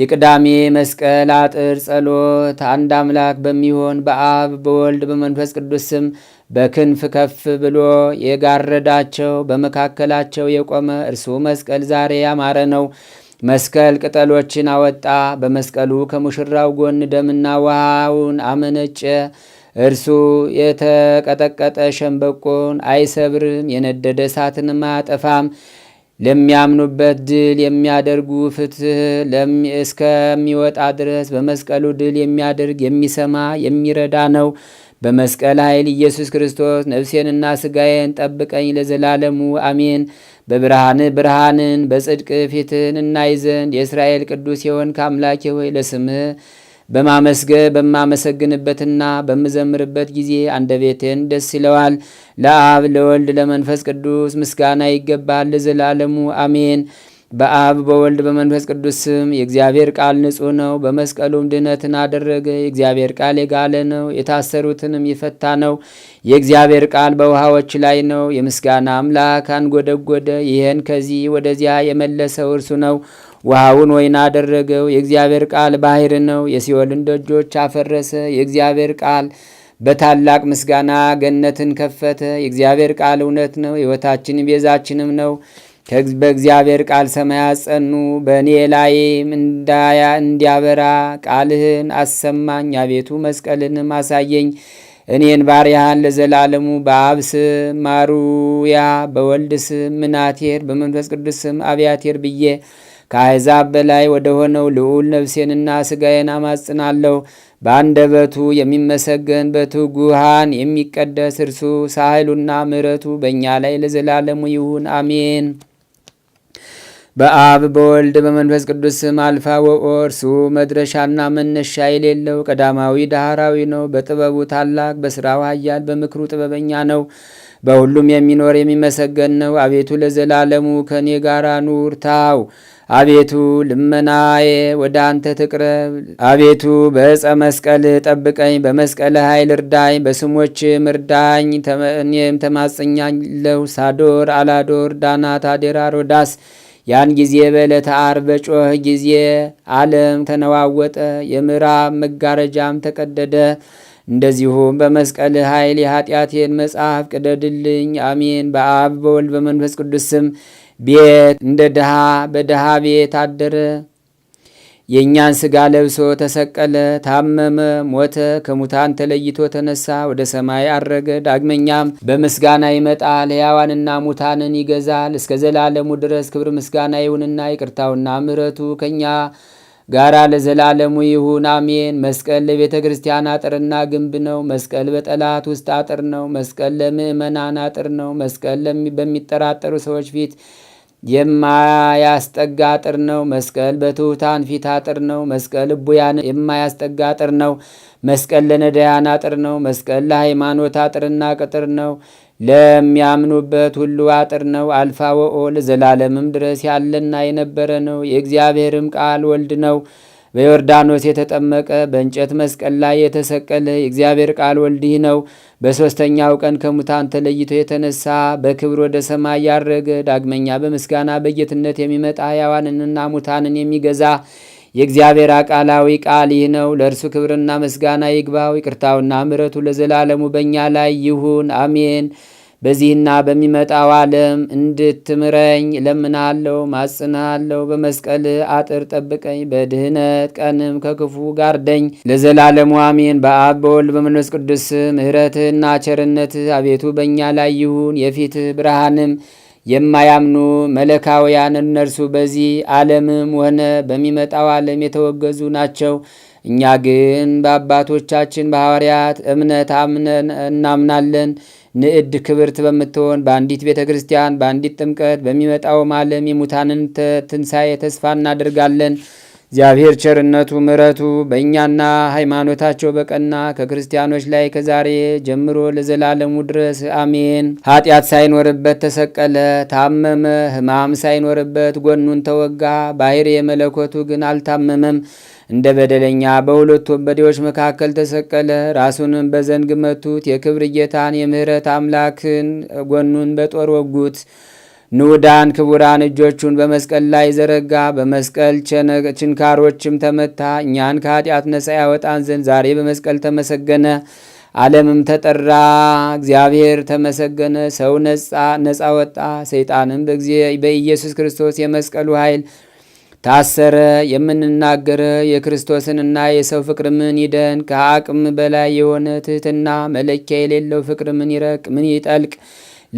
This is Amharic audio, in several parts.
የቅዳሜ መስቀል አጥር ጸሎት አንድ አምላክ በሚሆን በአብ በወልድ በመንፈስ ቅዱስ ስም በክንፍ ከፍ ብሎ የጋረዳቸው በመካከላቸው የቆመ እርሱ መስቀል ዛሬ ያማረ ነው። መስቀል ቅጠሎችን አወጣ። በመስቀሉ ከሙሽራው ጎን ደምና ውሃውን አመነጨ። እርሱ የተቀጠቀጠ ሸንበቆን አይሰብርም፣ የነደደ እሳትንም አያጠፋም። ለሚያምኑበት ድል የሚያደርጉ ፍትህ እስከሚወጣ ድረስ በመስቀሉ ድል የሚያደርግ የሚሰማ የሚረዳ ነው። በመስቀል ኃይል ኢየሱስ ክርስቶስ ነፍሴንና ስጋዬን ጠብቀኝ ለዘላለሙ አሜን። በብርሃን ብርሃንን በጽድቅ ፊትን እናይ ዘንድ የእስራኤል ቅዱስ የሆን ከአምላኬ ሆይ ለስምህ በማመስገ በማመሰግንበትና በምዘምርበት ጊዜ አንደቤቴን ደስ ይለዋል። ለአብ ለወልድ ለመንፈስ ቅዱስ ምስጋና ይገባል ለዘላለሙ አሜን። በአብ በወልድ በመንፈስ ቅዱስ ስም የእግዚአብሔር ቃል ንጹሕ ነው፣ በመስቀሉም ድነትን አደረገ። የእግዚአብሔር ቃል የጋለ ነው፣ የታሰሩትንም ይፈታ ነው። የእግዚአብሔር ቃል በውሃዎች ላይ ነው። የምስጋና አምላክ አንጎደጎደ፣ ይህን ከዚህ ወደዚያ የመለሰው እርሱ ነው። ውሃውን ወይን አደረገው። የእግዚአብሔር ቃል ባህር ነው፣ የሲኦልን ደጆች አፈረሰ። የእግዚአብሔር ቃል በታላቅ ምስጋና ገነትን ከፈተ። የእግዚአብሔር ቃል እውነት ነው፣ ሕይወታችን ቤዛችንም ነው። በእግዚአብሔር ቃል ሰማያት ጸኑ፣ በእኔ ላይም እንዳያ እንዲያበራ ቃልህን አሰማኝ። አቤቱ መስቀልንም አሳየኝ። እኔን ባርያህን ለዘላለሙ በአብ ስም ማሩያ፣ በወልድ ስም ምናቴር፣ በመንፈስ ቅዱስ ስም አብያቴር ብዬ ከአሕዛብ በላይ ወደ ሆነው ልዑል ነፍሴንና ሥጋዬን አማጽናለሁ። በአንደበቱ የሚመሰገን በትጉሃን የሚቀደስ እርሱ ሳህሉና ምሕረቱ በእኛ ላይ ለዘላለሙ ይሁን አሜን። በአብ በወልድ በመንፈስ ቅዱስ ስም አልፋ እርሱ መድረሻና መነሻ የሌለው ቀዳማዊ ዳህራዊ ነው። በጥበቡ ታላቅ በስራው ኃያል በምክሩ ጥበበኛ ነው። በሁሉም የሚኖር የሚመሰገን ነው። አቤቱ ለዘላለሙ ከእኔ ጋር ኑር ታው አቤቱ ልመናዬ ወደ አንተ ትቅረብ። አቤቱ በዕፀ መስቀል ጠብቀኝ፣ በመስቀል ኃይል እርዳኝ፣ በስሞችም እርዳኝ። እኔም ተማጽኛለሁ። ሳዶር፣ አላዶር፣ ዳናት፣ አዴራ፣ ሮዳስ ያን ጊዜ በዕለተ አር በጮህ ጊዜ ዓለም ተነዋወጠ፣ የምዕራብ መጋረጃም ተቀደደ። እንደዚሁም በመስቀል ኃይል የኃጢአቴን መጽሐፍ ቅደድልኝ። አሜን። በአብ በወልድ በመንፈስ ቅዱስ ስም ቤት እንደ ድሃ በድሃ ቤት አደረ። የእኛን ስጋ ለብሶ ተሰቀለ፣ ታመመ፣ ሞተ፣ ከሙታን ተለይቶ ተነሳ፣ ወደ ሰማይ አረገ። ዳግመኛም በምስጋና ይመጣል፣ ሕያዋንና ሙታንን ይገዛል። እስከ ዘላለሙ ድረስ ክብር ምስጋና ይሁንና ይቅርታውና ምሕረቱ ከእኛ ጋራ ለዘላለሙ ይሁን አሜን። መስቀል ለቤተ ክርስቲያን አጥርና ግንብ ነው። መስቀል በጠላት ውስጥ አጥር ነው። መስቀል ለምእመናን አጥር ነው። መስቀል በሚጠራጠሩ ሰዎች ፊት የማያስጠጋ አጥር ነው። መስቀል በትሑታን ፊት አጥር ነው። መስቀል እቡያን የማያስጠጋ አጥር ነው። መስቀል ለነዳያን አጥር ነው። መስቀል ለሃይማኖት አጥርና ቅጥር ነው። ለሚያምኑበት ሁሉ አጥር ነው። አልፋ ወኦ ለዘላለምም ድረስ ያለና የነበረ ነው። የእግዚአብሔርም ቃል ወልድ ነው። በዮርዳኖስ የተጠመቀ በእንጨት መስቀል ላይ የተሰቀለ የእግዚአብሔር ቃል ወልዲህ ነው። በሦስተኛው ቀን ከሙታን ተለይቶ የተነሳ በክብር ወደ ሰማይ ያረገ ዳግመኛ በምስጋና በጌትነት የሚመጣ ሕያዋንንና ሙታንን የሚገዛ የእግዚአብሔር አቃላዊ ቃል ይህ ነው። ለእርሱ ክብርና ምስጋና ይግባው። ይቅርታውና ምሕረቱ ለዘላለሙ በእኛ ላይ ይሁን አሜን። በዚህና በሚመጣው ዓለም እንድትምረኝ ለምናለው ማጽናለው። በመስቀል አጥር ጠብቀኝ፣ በድህነት ቀንም ከክፉ ጋርደኝ። ለዘላለሙ አሜን። በአብ በወልድ በመንፈስ ቅዱስ ምሕረትህና ቸርነትህ አቤቱ በእኛ ላይ ይሁን። የፊትህ ብርሃንም የማያምኑ መለካውያን እነርሱ በዚህ ዓለምም ሆነ በሚመጣው ዓለም የተወገዙ ናቸው። እኛ ግን በአባቶቻችን በሐዋርያት እምነት አምነን እናምናለን። ንዕድ ክብርት በምትሆን በአንዲት ቤተ ክርስቲያን በአንዲት ጥምቀት በሚመጣውም ዓለም የሙታንን ትንሣኤ ተስፋ እናደርጋለን። እግዚአብሔር ቸርነቱ ምረቱ በእኛና ሃይማኖታቸው በቀና ከክርስቲያኖች ላይ ከዛሬ ጀምሮ ለዘላለሙ ድረስ አሜን። ኃጢአት ሳይኖርበት ተሰቀለ፣ ታመመ፣ ሕማም ሳይኖርበት ጎኑን ተወጋ፣ ባሕርየ መለኮቱ ግን አልታመመም። እንደ በደለኛ በሁለት ወንበዴዎች መካከል ተሰቀለ። ራሱንም በዘንግ መቱት። የክብር ጌታን የምህረት አምላክን ጎኑን በጦር ወጉት። ንዑዳን ክቡራን እጆቹን በመስቀል ላይ ዘረጋ። በመስቀል ችንካሮችም ተመታ። እኛን ከኃጢአት ነፃ ያወጣን ዘንድ ዛሬ በመስቀል ተመሰገነ። ዓለምም ተጠራ፣ እግዚአብሔር ተመሰገነ። ሰው ነፃ ወጣ፣ ሰይጣንም በኢየሱስ ክርስቶስ የመስቀሉ ኃይል ታሰረ። የምንናገረ የክርስቶስንና የሰው ፍቅር ምን ይደን ከአቅም በላይ የሆነ ትህትና መለኪያ የሌለው ፍቅር ምን ይረቅ ምን ይጠልቅ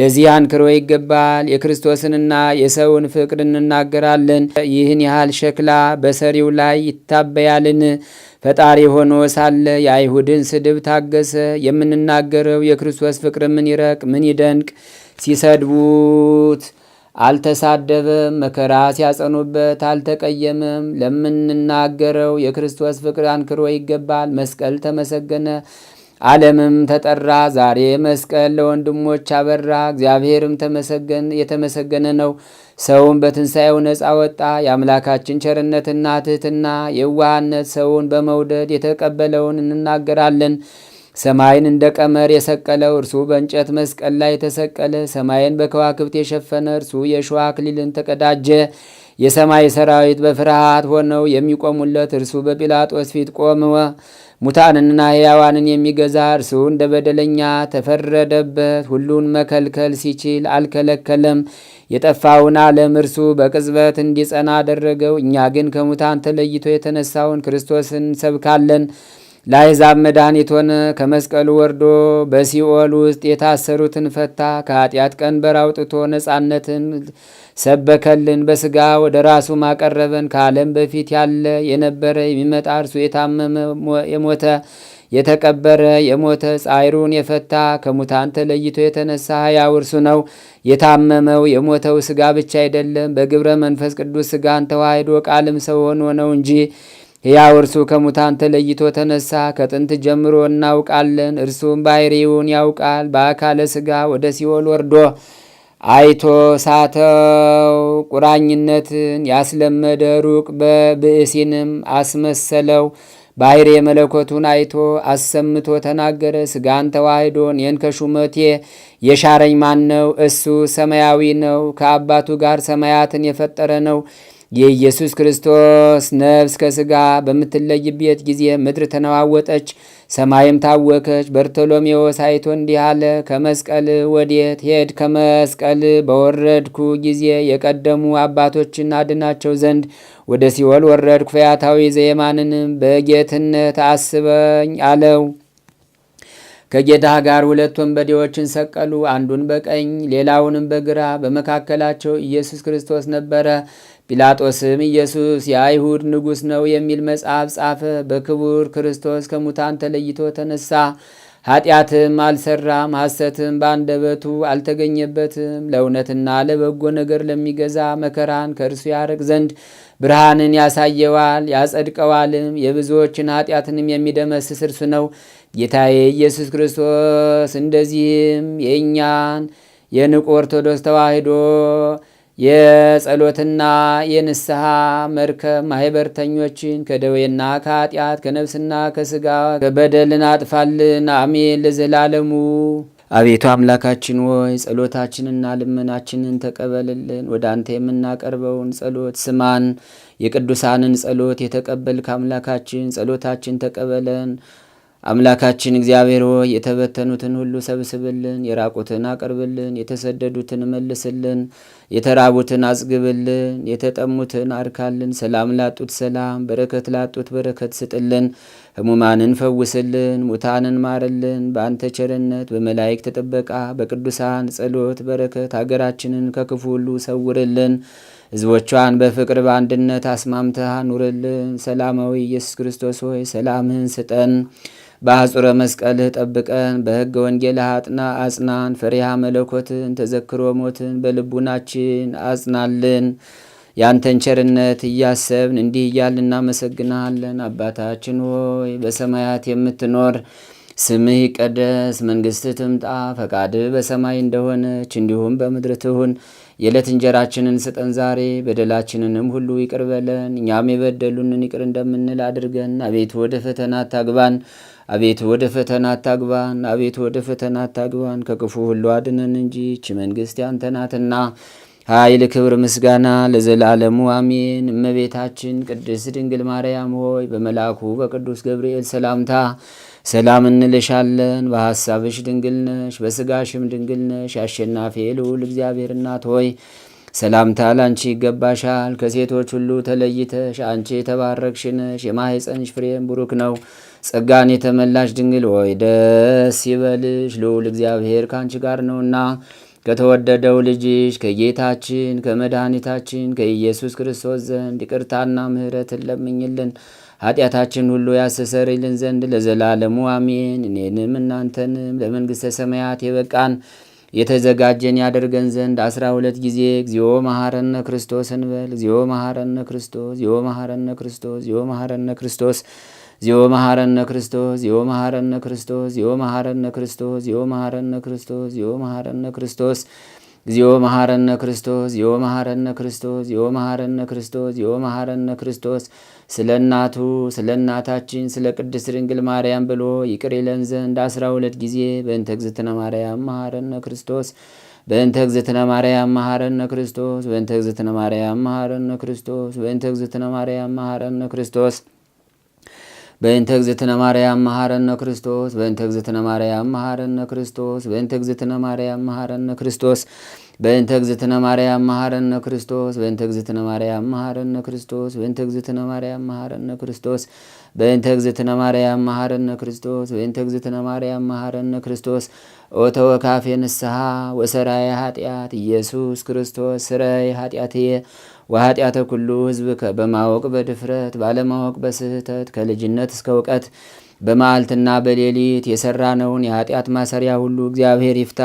ለዚህ አንክሮ ይገባል። የክርስቶስንና የሰውን ፍቅር እንናገራለን። ይህን ያህል ሸክላ በሰሪው ላይ ይታበያልን? ፈጣሪ ሆኖ ሳለ የአይሁድን ስድብ ታገሰ። የምንናገረው የክርስቶስ ፍቅር ምን ይረቅ ምን ይደንቅ ሲሰድቡት አልተሳደበም፣ መከራ ሲያጸኑበት አልተቀየምም። ለምንናገረው የክርስቶስ ፍቅር አንክሮ ይገባል። መስቀል ተመሰገነ፣ ዓለምም ተጠራ። ዛሬ መስቀል ለወንድሞች አበራ፣ እግዚአብሔርም የተመሰገነ ነው። ሰውን በትንሣኤው ነፃ ወጣ። የአምላካችን ቸርነትና ትሕትና የዋህነት ሰውን በመውደድ የተቀበለውን እንናገራለን። ሰማይን እንደ ቀመር የሰቀለው እርሱ በእንጨት መስቀል ላይ የተሰቀለ፣ ሰማይን በከዋክብት የሸፈነ እርሱ የሸዋ አክሊልን ተቀዳጀ። የሰማይ ሰራዊት በፍርሃት ሆነው የሚቆሙለት እርሱ በጲላጦስ ፊት ቆመ። ሙታንንና ሕያዋንን የሚገዛ እርሱ እንደ በደለኛ ተፈረደበት። ሁሉን መከልከል ሲችል አልከለከለም። የጠፋውን ዓለም እርሱ በቅጽበት እንዲጸና አደረገው። እኛ ግን ከሙታን ተለይቶ የተነሳውን ክርስቶስን እንሰብካለን። ለአሕዛብ መድኃኒት ሆነ። ከመስቀሉ ወርዶ በሲኦል ውስጥ የታሰሩትን ፈታ። ከኃጢአት ቀንበር አውጥቶ ነጻነትን ሰበከልን። በስጋ ወደ ራሱ ማቀረበን። ከዓለም በፊት ያለ የነበረ የሚመጣ እርሱ የታመመ የሞተ የተቀበረ የሞተ ጻይሩን የፈታ ከሙታን ተለይቶ የተነሳ ሕያው እርሱ ነው። የታመመው የሞተው ስጋ ብቻ አይደለም፣ በግብረ መንፈስ ቅዱስ ስጋን ተዋህዶ ቃልም ሰው ሆኖ ነው እንጂ ሕያው እርሱ ከሙታን ተለይቶ ተነሳ። ከጥንት ጀምሮ እናውቃለን። እርሱም ባሕርይውን ያውቃል። በአካለ ስጋ ወደ ሲኦል ወርዶ አይቶ ሳተው። ቁራኝነትን ያስለመደ ሩቅ በብእሲንም አስመሰለው። ባሕርየ መለኮቱን አይቶ አሰምቶ ተናገረ። ስጋን ተዋሕዶ እኔን ከሹመቴ የሻረኝ ማን ነው? እሱ ሰማያዊ ነው። ከአባቱ ጋር ሰማያትን የፈጠረ ነው። የኢየሱስ ክርስቶስ ነፍስ ከስጋ በምትለይበት ጊዜ ምድር ተነዋወጠች፣ ሰማይም ታወከች። በርቶሎሜዎስ አይቶ እንዲህ አለ፣ ከመስቀል ወዴት ሄድ? ከመስቀል በወረድኩ ጊዜ የቀደሙ አባቶችን አድናቸው ዘንድ ወደ ሲኦል ወረድኩ። ፈያታዊ ዘየማንንም በጌትነት አስበኝ አለው። ከጌታ ጋር ሁለት ወንበዴዎችን ሰቀሉ፣ አንዱን በቀኝ ሌላውንም በግራ። በመካከላቸው ኢየሱስ ክርስቶስ ነበረ። ጲላጦስም ኢየሱስ የአይሁድ ንጉሥ ነው የሚል መጽሐፍ ጻፈ። በክቡር ክርስቶስ ከሙታን ተለይቶ ተነሳ። ኃጢአትም አልሰራም፣ ሐሰትም በአንደበቱ አልተገኘበትም። ለእውነትና ለበጎ ነገር ለሚገዛ መከራን ከእርሱ ያርቅ ዘንድ ብርሃንን ያሳየዋል ያጸድቀዋልም፣ የብዙዎችን ኃጢአትንም የሚደመስስ እርሱ ነው ጌታዬ ኢየሱስ ክርስቶስ። እንደዚህም የእኛን የንቁ ኦርቶዶክስ ተዋህዶ! የጸሎትና የንስሐ መርከብ ማህበርተኞችን ከደዌና ከኃጢአት ከነፍስና ከስጋ ከበደልን አጥፋልን። አሜን ለዘላለሙ። አቤቱ አምላካችን ሆይ ጸሎታችንና ልመናችንን ተቀበልልን። ወደ አንተ የምናቀርበውን ጸሎት ስማን። የቅዱሳንን ጸሎት የተቀበልክ አምላካችን ጸሎታችን ተቀበለን። አምላካችን እግዚአብሔር ሆይ የተበተኑትን ሁሉ ሰብስብልን፣ የራቁትን አቅርብልን፣ የተሰደዱትን መልስልን፣ የተራቡትን አጽግብልን፣ የተጠሙትን አርካልን፣ ሰላም ላጡት ሰላም፣ በረከት ላጡት በረከት ስጥልን፣ ሕሙማንን ፈውስልን፣ ሙታንን ማርልን። በአንተ ቸርነት በመላይክ ተጠበቃ በቅዱሳን ጸሎት በረከት ሀገራችንን ከክፉ ሁሉ ሰውርልን። ህዝቦቿን በፍቅር በአንድነት አስማምተህ ኑርልን። ሰላማዊ ኢየሱስ ክርስቶስ ሆይ ሰላምህን ስጠን። በአጹረ መስቀልህ ጠብቀን፣ በሕገ ወንጌልህ አጥና አጽናን። ፈሪሃ መለኮትን ተዘክሮ ሞትን በልቡናችን አጽናልን። ያንተን ቸርነት እያሰብን እንዲህ እያልን እናመሰግናሃለን። አባታችን ሆይ በሰማያት የምትኖር ስምህ ይቀደስ፣ መንግስትህ ትምጣ፣ ፈቃድህ በሰማይ እንደሆነች እንዲሁም በምድር ትሁን። የዕለት እንጀራችንን ስጠን ዛሬ፣ በደላችንንም ሁሉ ይቅር በለን እኛም የበደሉንን ይቅር እንደምንል አድርገን አቤቱ ወደ ፈተና አታግባን አቤቱ ወደ ፈተና አታግባን፣ አቤቱ ወደ ፈተና አታግባን፣ ከክፉ ሁሉ አድነን እንጂ ይህች መንግሥት ያንተ ናትና ኃይል፣ ክብር፣ ምስጋና ለዘላለሙ አሜን። እመቤታችን ቅድስት ድንግል ማርያም ሆይ በመልአኩ በቅዱስ ገብርኤል ሰላምታ ሰላም እንልሻለን። በሐሳብሽ ድንግል ነሽ፣ በሥጋሽም ድንግል ነሽ። አሸናፊ ልዑል እግዚአብሔር እናት ሆይ ሰላምታ ላንቺ ይገባሻል። ከሴቶች ሁሉ ተለይተሽ አንቺ የተባረክሽ ነሽ። የማኅፀንሽ ፍሬም ቡሩክ ነው። ጸጋን የተመላሽ ድንግል ሆይ ደስ ይበልሽ፣ ልዑል እግዚአብሔር ከአንቺ ጋር ነውና ከተወደደው ልጅሽ ከጌታችን ከመድኃኒታችን ከኢየሱስ ክርስቶስ ዘንድ ይቅርታና ምሕረትን ለምኝልን ኃጢአታችን ሁሉ ያስተሰርይልን ዘንድ ለዘላለሙ አሜን። እኔንም እናንተንም ለመንግሥተ ሰማያት የበቃን የተዘጋጀን ያደርገን ዘንድ አስራ ሁለት ጊዜ እግዚኦ መሐረነ ክርስቶስ እንበል። እግዚኦ መሐረነ ክርስቶስ፣ እግዚኦ መሐረነ ክርስቶስ፣ እግዚኦ መሐረነ ክርስቶስ ዚዮ መሐረነ ክርስቶስ ዚዮ መሐረነ ክርስቶስ ዚዮ መሐረነ ክርስቶስ ዚዮ መሐረነ ክርስቶስ ዚዮ መሐረነ ክርስቶስ ዚዮ መሐረነ ክርስቶስ ዚኦ መሐረነ ክርስቶስ ዚኦ መሐረነ ክርስቶስ ዚኦ መሐረነ ክርስቶስ ስለ እናቱ ስለ እናታችን ስለ ቅድስት ድንግል ማርያም ብሎ ይቅር ይለን ዘንድ አስራ ሁለት ጊዜ በእንተ እግዝእትነ ማርያም መሐረነ ክርስቶስ በእንተ እግዝእትነ ማርያም መሐረነ ክርስቶስ በእንተ እግዝእትነ ማርያም መሐረነ ክርስቶስ በእንተ እግዝእትነ ማርያም መሐረነ ክርስቶስ በእንተ እግዝእትነ ማርያም መሐረነ ክርስቶስ በእንተ እግዝእትነ ማርያም መሐረነ ክርስቶስ በእንተ እግዝእትነ ማርያም መሐረነ ክርስቶስ በእንተ እግዝእትነ ማርያም መሐረነ ክርስቶስ በእንተ እግዝእትነ ማርያም መሐረነ ክርስቶስ በእንተ እግዝእትነ ማርያም መሐረነ ክርስቶስ በእንተ እግዝእትነ ማርያም መሐረነ ክርስቶስ በእንተ እግዝእትነ ማርያም መሐረነ ክርስቶስ ኦቶ ኦተወካፌ ንስሐ ወሰራይ ኃጢአት ኢየሱስ ክርስቶስ ስረይ ኃጢአትየ ወኃጢአተ ኩሉ ህዝብ በማወቅ በድፍረት ባለማወቅ በስህተት ከልጅነት እስከ እውቀት በመዓልትና በሌሊት የሰራነውን የኃጢአት ማሰሪያ ሁሉ እግዚአብሔር ይፍታ።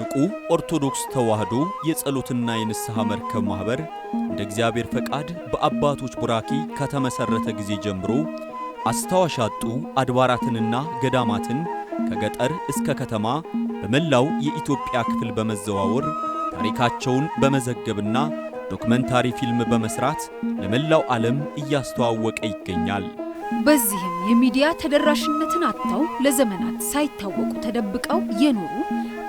ንቁ ኦርቶዶክስ ተዋህዶ የጸሎትና የንስሐ መርከብ ማኅበር እንደ እግዚአብሔር ፈቃድ በአባቶች ቡራኪ ከተመሠረተ ጊዜ ጀምሮ አስታዋሽ ያጡ አድባራትንና ገዳማትን ከገጠር እስከ ከተማ በመላው የኢትዮጵያ ክፍል በመዘዋወር ታሪካቸውን በመዘገብና ዶክመንታሪ ፊልም በመስራት ለመላው ዓለም እያስተዋወቀ ይገኛል። በዚህም የሚዲያ ተደራሽነትን አጥተው ለዘመናት ሳይታወቁ ተደብቀው የኖሩ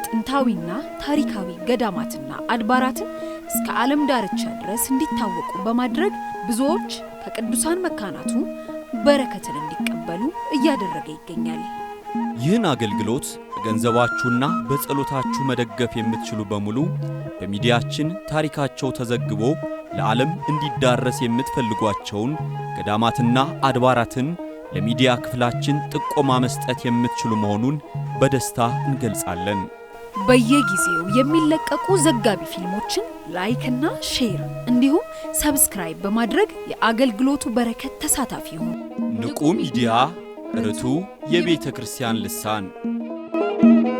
ጥንታዊና ታሪካዊ ገዳማትና አድባራትን እስከ ዓለም ዳርቻ ድረስ እንዲታወቁ በማድረግ ብዙዎች ከቅዱሳን መካናቱ በረከትን እንዲቀበሉ እያደረገ ይገኛል። ይህን አገልግሎት በገንዘባችሁና በጸሎታችሁ መደገፍ የምትችሉ በሙሉ በሚዲያችን ታሪካቸው ተዘግቦ ለዓለም እንዲዳረስ የምትፈልጓቸውን ገዳማትና አድባራትን ለሚዲያ ክፍላችን ጥቆማ መስጠት የምትችሉ መሆኑን በደስታ እንገልጻለን። በየጊዜው የሚለቀቁ ዘጋቢ ፊልሞችን ላይክ እና ሼር እንዲሁም ሰብስክራይብ በማድረግ የአገልግሎቱ በረከት ተሳታፊ ይሁኑ። ንቁ ሚዲያ ርቱ የቤተ ክርስቲያን ልሳን